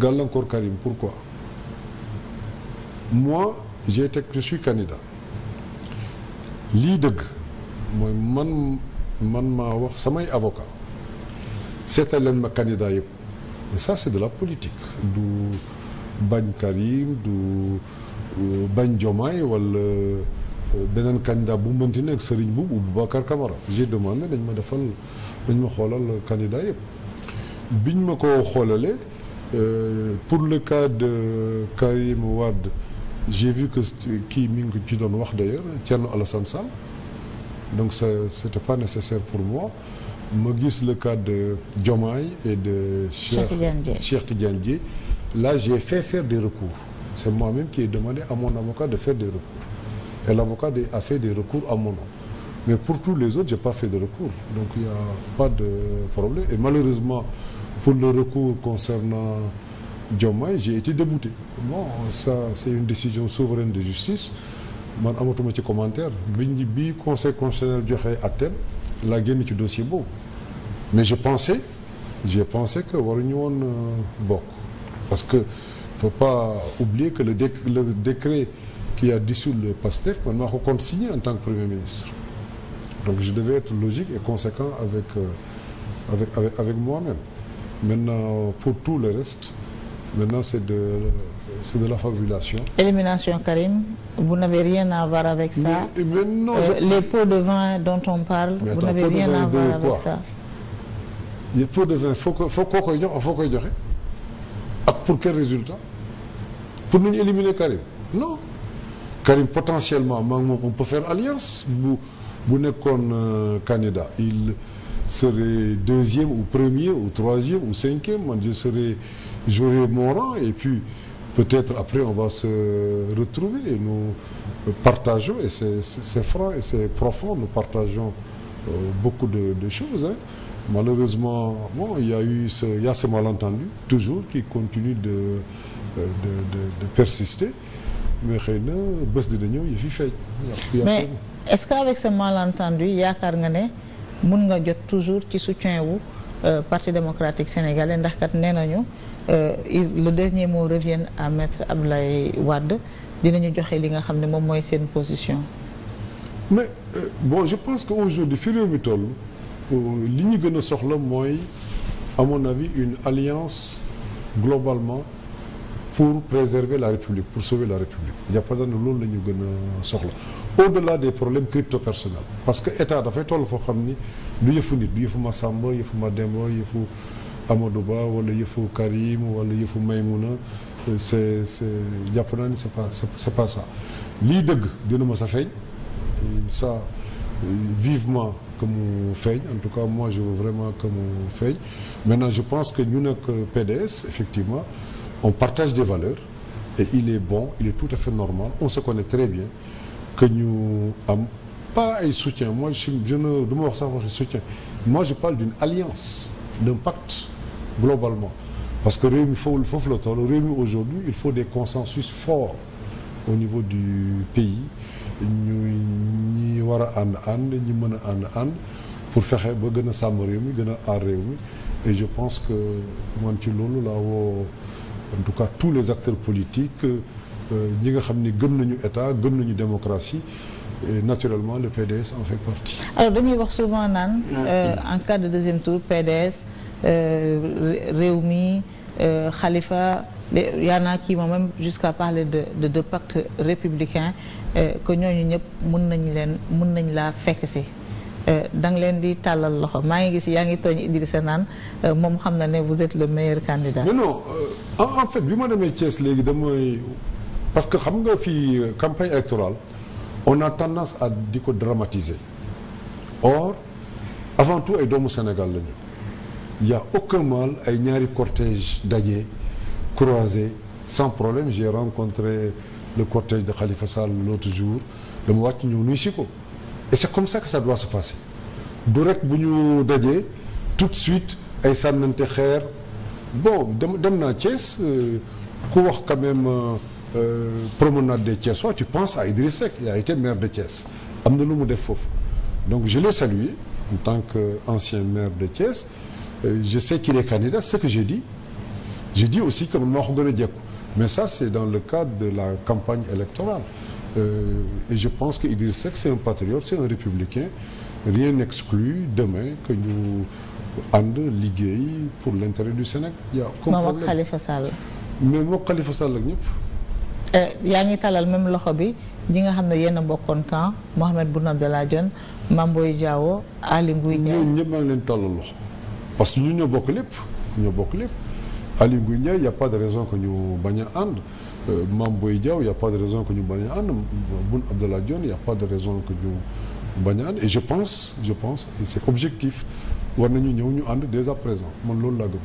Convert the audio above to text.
gàllankoor Karim pourquoi moi j'ai été je suis lii dëgg mooy man man maa wax samay avocat seetal leen ma candidat yëpp mais ça de la politique du bañ Karim du euh, bañ jomaay wala euh, beneen candidat bu mënti nekk Serigne Boub ou Boubacar Camara j'ai demandé dañ ma defal dañ ma xoolal candidat yëpp biñ ma ko xoolalee Euh, pour le cas de Karim Wade j'ai vu que kii mi ngi ci doon wax d'ailleurs Thierno Alassane Sall donc ça c'était pas nécessaire pour moi ma gis le cas de Diomaye et de Cheikh Cheikh Tidiane Dièye là j'ai fait faire des recours c'est moi-même qui ai demandé à mon avocat de faire des recours et l'avocat a fait des recours à mon nom mais pour tous les autres j'ai pas fait de recours donc il y a pas de problème et malheureusement Pour le recours concernant Diomaye, j'ai été débouté. Bon, ça c'est une décision souveraine de justice man amatuma ci commentaire biñ bi conseil constitutionnel joxe àtteem la génn ci dossier bo mais je pensais j'ai pensé que waruñu woon euh, bokk parce que faut pas oublier que le décret, le décret qui a dissous le PASTEF man maa ko consigné en tant que premier ministre donc je devais être logique et conséquent avec euh, avec avec, avec moi-même maintenant pour tout le reste maintenant c'est de c'est de la fabulation. Élimination Karim, vous n'avez rien à voir avec ça. Mais, mais euh, de vin dont on parle, vous n'avez rien à voir avec ça. Les pots de vin, faut que faut koo koy jox foo koy joxe ak pour quel résultat pour nañu éliminer Karim non Karim potentiellement maa on peut faire alliance bu bu nekkoon euh, candidat serait deuxième ou premier ou troisième ou cinquième man je serai j'aurai mon rang et puis peut-être après on va se retrouver et nous partageons et c'est franc et c'est profond nous partageons euh, beaucoup de, de choses hein. Malheureusement bon il y ce malentendu toujours qui continue euh, de de de, persister mais xëy na bés dina ñëw fi feeñ. mais est-ce qu'avec ce malentendu yaakaar nga ne. mun nga jot toujours ci soutien wu euh, Parti démocratique sénégalais ndax kat nee nañu euh, le dernier mot revient à maître Abdoulaye Wade dinañu joxe li nga xam ne moom mooy seen position. mais euh, bon je pense que aujourd'hui fi réew mi toll euh, li ñu gën soxla mooy à mon avis une alliance globalement. pour préserver la République pour sauver la République jàpp na ne loolu la ñu gën a soxla au-delà des problèmes crypto-personnels parce que état dafay toll foo xam ni du yëfu nit du yëfu Massamba yëfu Mademba yëfu Amadou Ba wala yëfu Karim wala yëfu Maymouna c'est c'est jàpp naa ni c'est pas c'est pas ça lii dëgg dina ma sa feeñ ça vivement que mu feeñ en tout cas moi je veux vraiment que mu feeñ maintenant je pense que ñu nekk PDS effectivement on partage des valeurs et il est bon il est tout à fait normal on se connaît très bien que ñu am pas ay soutien moi je je ne wax sax waxi soutien moi je parle d'une alliance d'un globalement parce que réew mi foofu foofu la toll réew mi aujourd'hui il faut des consensus forts au niveau du pays ñu ñi war a ànd ànd ñi mën a ànd ànd pour fexe ba gën a sàmm réew mi gën a aar réew mi et je pense que man ci loolu laa woo en tout cas tous les acteurs politiques euh, ñi nga xam ni gëm nañu état gëm nañu démocratie et naturellement le PDS en fait partie. alors dañuy wax souvent naan ah, euh, en cas de deuxième tour PDS euh, Rewmi Khalifa il y en a qui vont même jusqu'à parler de de de pacte républicain que ñooñu ñëpp mun nañ leen mën nañ laa fekk si. Eh, da nga leen di tàllal loxo maa ngi gis yaa ngi tooñ Idrissa naan eh, moom xam na ne vous êtes le meilleur candidat. mais non euh, en fait bi ma demee Thiès léegi damay parce que xam nga fii euh, campagne électorale on a tendance à di ko dramatiser or avant tout ay doomu Sénégal la ñu aucun mal ay ñaari cortège daje croisé sans problème j'ai rencontré le cortège de Khalifa Sall l'autre jour dama wàcc ñëw nuyu si ko. et c'est comme ça que ça doit se passer du bu ñu dajee tout de suite ay sànnante xeer bon dem dem naa Thiès euh, ku wax quand même euh, euh promenade de Thiès waa tu penses à Idriss Seck a été maire de Thiès am na lu mu def foofu donc je l'ai salué en tant qu'ancien maire de Thiès euh, je sais qu'il est candidat ce que j'ai dit j'ai dit aussi que man maa ko gën a jekku mais ça c'est dans le cadre de la campagne électorale Euh, je pense que Idriss Seck c'est un patriote c'est un républicain rien n'exclut demain que ñu ànd liggéey pour l'intérêt du Sénégal. y' a comme problème moom Khalifa Sall. mais moom Khalifa Sall ak ñëpp. Euh, yaa ngi talal même loxo bi ñi nga xam ne yenn a bokkoon camp Mohamed Boun Abdallah Dionne Mame Boye Diao Ali Ngouille Ndiaye. ñooñu ñëpp leen talal loxo parce que ñu ñoo bokk lépp ñoo bokk lépp Ali Ngouille Ndiaye y' pas de raison que ñu bañ a Euh, Mame Boye Diao il y a pas de raison que ñu bañ a ànd Boun Abdallah Dionne a pas de raison que ñu bañ a ànd et je pense je pense et c'est objectif war nañu ñëw ñu ànd dès à présent man loolu laa gëm